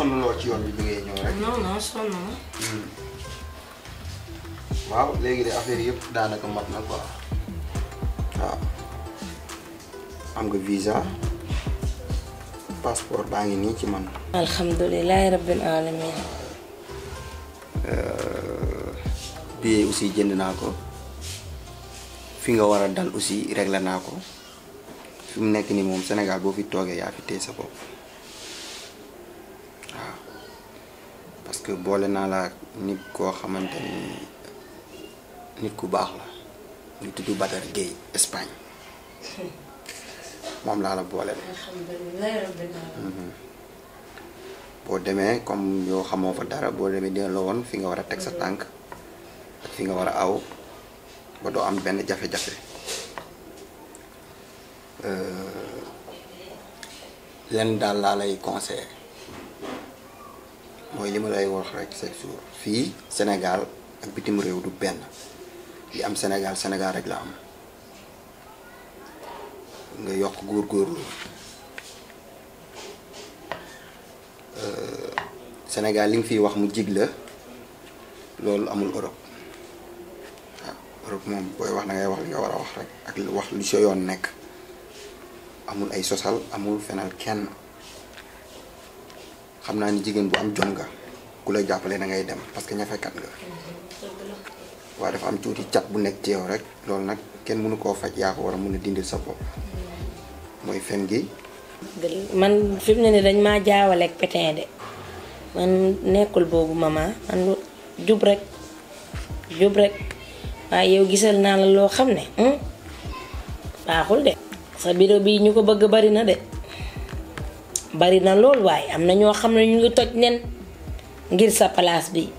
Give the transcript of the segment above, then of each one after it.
sonnaloo ci yoon bi bi ngay ñëw rek. non non sonn na. Hmm. waaw léegi de affaire yëpp daanaka mat na quoi waaw am nga visa passeport baa ngi nii ci man. alhamdulilah rabbil alamin. Euh, billet aussi jënd naa ko fi nga war a dal aussi réglé naa ko fi mu nekk nii moom senegal boo fi toogee yaa fi téye sa bopp. parce boole naa la nit koo xamante ni nit ku baax la ñu tudd Badar Gueye Espagne moom laa la boole mhm. boo demee comme yoo xamoo fa dara boo demee dina la woon fi nga war a teg sa mhm. tànk fi nga war a aw ba doo am benn jafe-jafe euh, lenn daal laa lay conseillé moy li lay wax rek chaque jour fi Sénégal ak bitim rew du ben li am Sénégal Sénégal rek la am nga yok gor gor euh Sénégal li fi wax mu jigla la amul Europe Europe mom boy wax na ngay wax li nga wara wax rek ak wax li sa yoon nek amul ay sosal amul fenal kenn. xam ni jigen bu am jonga kou lay la da ngay dem parce que ñafekat nga wa dafa am touti chat bu nek ci yow rek loolu nak ken mënu ko fajj ya ko wara a dindi sa bop moy fen gi man fi ne ni dañ ma jaawale ak pétain de man nekul bobu mama man djub rek djub rek wa yow gisal na la lo xam hmm baxul de sa biro bi ñuko bëgg bari na de bari na lool waaye am na ñoo xam ne ñu ngi toj nen ngir sa palaas bi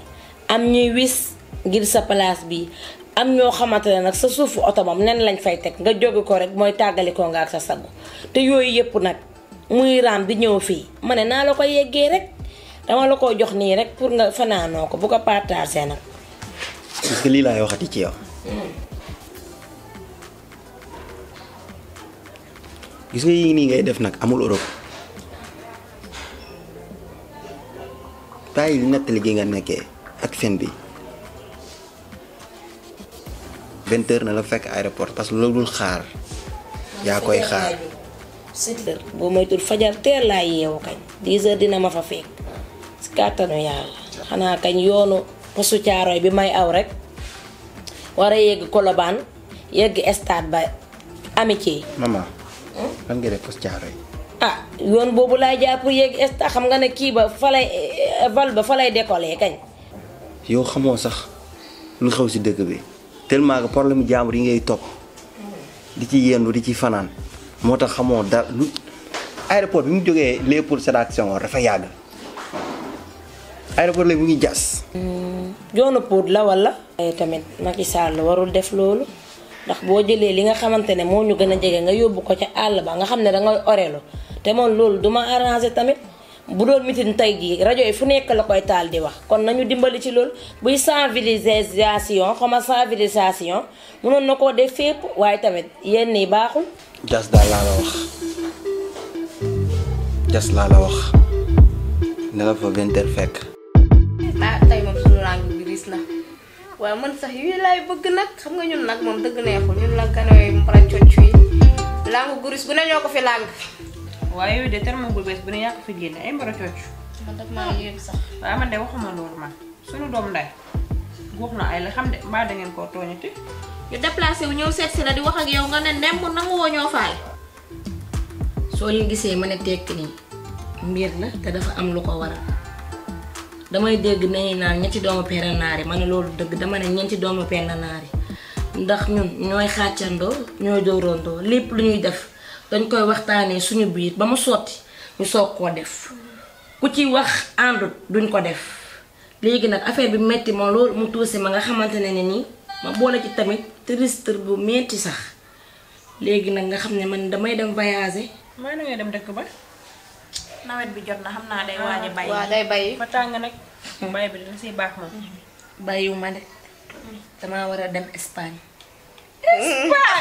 am ñuy wis ngir sa palaas bi am ñoo xamante ne nag sa suufu oto moom nen lañ fay teg nga jóge ko rek mooy tàggalikoo nga ak sa sago te yooyu yëpp nag muy raam di ñëw fii ma ne naa la ko yeggee rek dama la ko jox nii rek pour nga fanaanoo ko bu ko partagé nag. parce que lii laay waxati ci yow. Hmm. gis nga yii ngay def nag amul Europe. bàyyil nettali gi nga nekkee ak fen bi vingt heures na la fekk aéroport parce que loolu dul xaar yaa koy xaar sept boo moytul fajar teel laa yeewu kañ dix dina ma fa fekk si kàttanu yàlla xanaa kañ yoonu posu caaroy bi may aw rek war a yegg Colobane yegg stade ba amitié hmm? ah yoon boobu laay jaar pour yéeg esta xam nga ne kii ba fa lay val ba fa lay décoller kañ. yow xamoo sax lu xew si dëkk bi tellement que problème jaambur yi ngay topp di ci yendu di ci fanaan moo tax xamoo da lu aéroport mu jógee Léopold Sédar dafa yàgg aéroport léegi mu ngi jas. Hmm, yoonu Pout la wala. Eh, tamit Macky Sall warul def loolu. ndax boo jëlee li nga xamante ne moo ñu gën a jege nga yóbbu ko ca àll ba nga xam ne dangay orelu te moom loolu duma ma arrangé tamit bu doon mitin tey jii rajo yi fu nekk la koy taal di wax kon nañu dimbali ci loolu buy sensibilisation xama sensibilisation mënoon na koo def fépp waaye tamit yenn yi baaxul. jas daal la wax jas la wax ne la fa vingt fekk. ah tey moom suñu rang bi na waaye man sax yooyu laay bëgg nag xam nga ñun nag moom dëgg neexul ñun nag ganooy mu faral cocc yi langu guris bu ñoo ko fi lang. waaye yooyu de terme bu bees bu ne yaa ko fi génne ay mbara cocc. man daf maa yéeg sax. waaw man de waxuma loolu man suñu doom nday guux na ay la xam de mbaa da ngeen koo tooñati. ñu déplacé wu ñëw seet si la di wax ak yow nga ne ndem nanguwoo ñoo faay. soo leen gisee ma ne tekki nii mbir la te dafa am lu ko waral damay dégg naan ñetti doomu naari ma ne loolu dëgg dama ne doomu naari ndax ñun ñooy ñooy lépp lu ñuy def dañ koy waxtane suñu biir ba mu sotti ñu soog ko def ku ci wax àndut duñ ko def léegi nak affaire bi metti mo loolu mu tousé ma nga xamantene ni ma boole ci tamit tristre bu metti sax léegi nak nga xamné man damay dem voyager. may na ngay dem dekk ba. nawet bi jot na xam day waji bay wa day bay fa tang nak bay bi dañ ci bax moom. bayu ma dé dama wara dem Espagne. Espagne.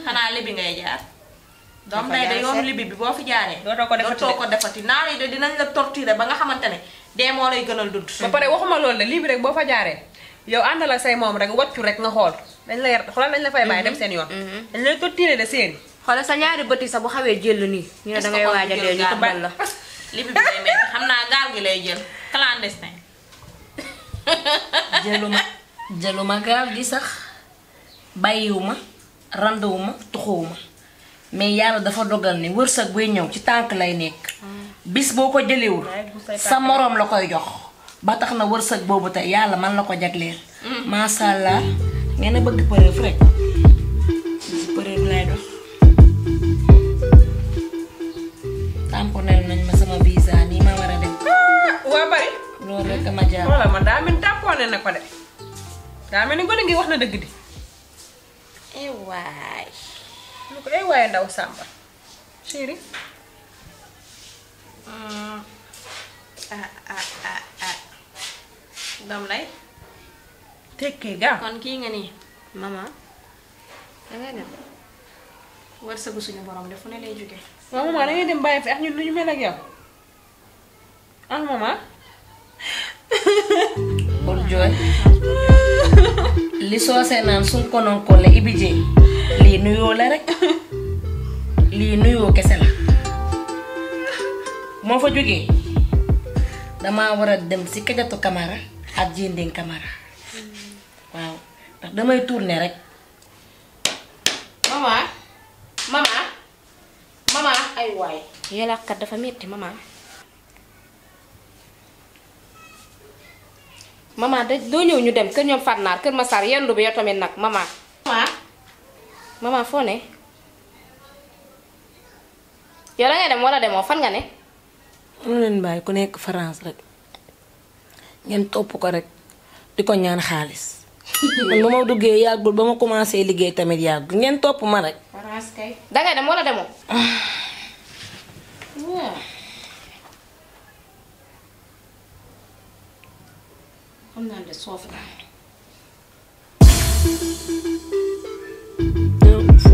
kana libi ngay jaar doom day day yom libi bi bo fi do to ko defati naar yi de dinañ la torturer ba nga xamantene ne mo lay gënal dund ba pare waxuma lool ne libi rek bo fa jaaree yow àndal ak say mom rek waccu rek nga xol dañ la yar xoolal dañ la fay bàyyi dem mhm. seen yoon mhm. dañ la torturer de seen xoolal sa ñaari beuti sa bu xawé jël ni ñu da ngay waja dee ñu tambal la libi bi day xamna gal gi lay jël clandestin jëluma jëluma gal gi sax bayiwuma randouma tuxuwuma mais yalla dafa dogal ni wërsëg buy ñew ci tank lay nek hmm. bis boko ko jëlewul sa morom la koy jox ba taxna na bobu tay yalla man la ko hmm. ma sha allah ngeen bëgg preuve rek preuve lay dox tamponel nañ ma sama visa ni ma wara dem ah, wa bari lo rek ma jaa wala man da min tamponel na ko de da min ngone ngi wax na deug di ewayi eh, ewayi ndaw samba chéri mm. ah ah ah ah dom lay tekke kon mama da nga sa suñu borom mama mana nga dem Eh fi ak ñun luñu mel mama bul li soosee naan suñ konoon ko Ibi Dieng lii nuyoo la rek lii nuyoo kese la moo fa jógee damaa war a dem si kajatu kamara ak jëndin kamara waaw ndax damay tourner rek. maman maman maman ay waay. yàlla kat dafa metti maman. mama da do ñew ñu dem kër ñoom Fatnaar kër Massar yendu bi yotami nak mama mama maman ne yow la nga dem wala demo fan nga ne. ñu leen bay ku nekk France rek ngeen top ko rek diko ñaan xaaliss man ba duggé yagul bama commencé liggé tamit yàggul ngeen top ma rek. France kay da nga dem wala demo ah. xam naa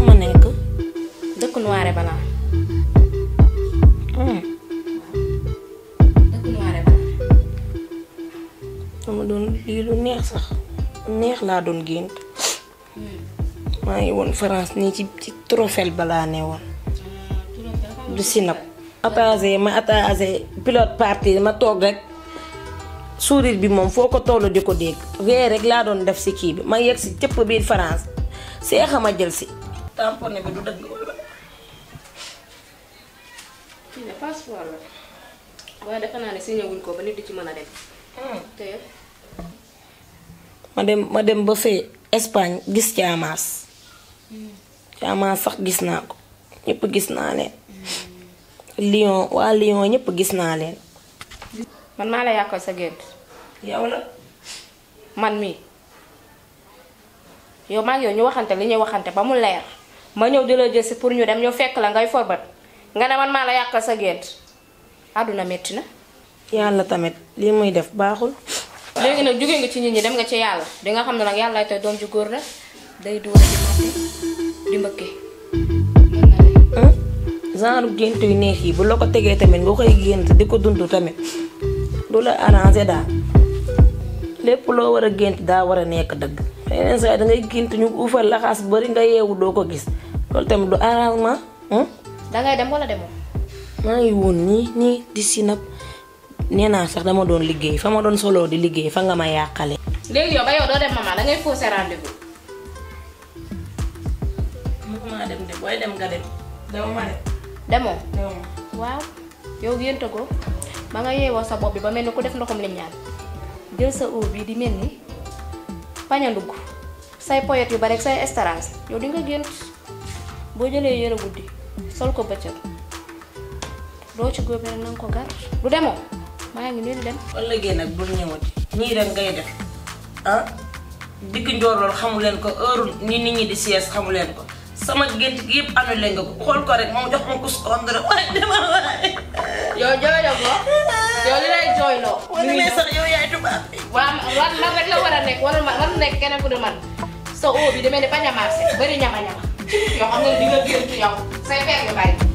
ma nekk dëkk Noiré Banane dëkk doon lii lu neex sax neex laa doon gént hmm. maa ngi woon France nii ci ci balaa ne woon ah, du sinap attaché ma attaché pilote parti ma toog rek sourire bi moom foo ko toll di ko dégg wee rek laa doon def si kii bi ma yegg si cëpp biir France seexa ma jël si. tamponné ko ba di ci mën a dem. Hmm. ma dem ma dem ba fee Espagne gis caamaas. Hmm. caamaas sax gis naa ko ñëpp gis naa leen. Lyon waa Lyon ñëpp gis naa leen. man mala yakko sa gént. yow la. man mi yow ma yow ñu waxante li ñuy waxante ba mu leer ma ñew di la pour ñu dem ñu fekk la ngay forbat nga ne man mala yakko sa gént aduna metti na. yalla tamet li muy def baxul legi nag jugge nga ci nit ñi dem nga ci yalla di nga xam nak yalla yàlla tey doom ju góor la day dóor di mbëkke hmm? genre gént neex yi bu nga koy di dula la arrangé daal lépp loo war da gént daa nekk yeneen da ngay gént ñu ufal la xass bari nga yewu do ko gis lol tam du arrangement. Hmm? da ngay dem wala demo. ma ngi won ni ni di sinap neena sax dama doon liggéey fa ma doon solo di liggéey fa nga ma yàqale. léegi yow ba yow do dem mama da ngay fausser rendez-vous. demo demo, demo? Demo. Demo. demo, demo, demo, demo, demo, ba nga yeewoo sa bopp bi ba mel ni ku def ndoxum li ñaan jël sa eau bi di mel ni pañ ndugg say poyet yu bari say estarance yow di nga gént boo jëlee yëre guddi sol ko bëccëg doo ci góobee na ko gar du demoo maa ngi di dem. wala léegi nag bul ñëwati ñii rek ngay def ah dikk njoolool xamu leen ko heure ni nit ñi di sies xamu leen ko sama gént gi yëpp annulé nga ko xool ko rek moom jox ma ko su ko andré waaye demal yow joojo ko. yow la lay jooyloo. wala ne sax yow yaay tubaab bi. waaw lan rek la war nekk wala man nekk keneen ku dul man so oo bi demee ne bañ a marché bari ñama ñama yoo xam nga di nga gën ci yow say peer yu bari.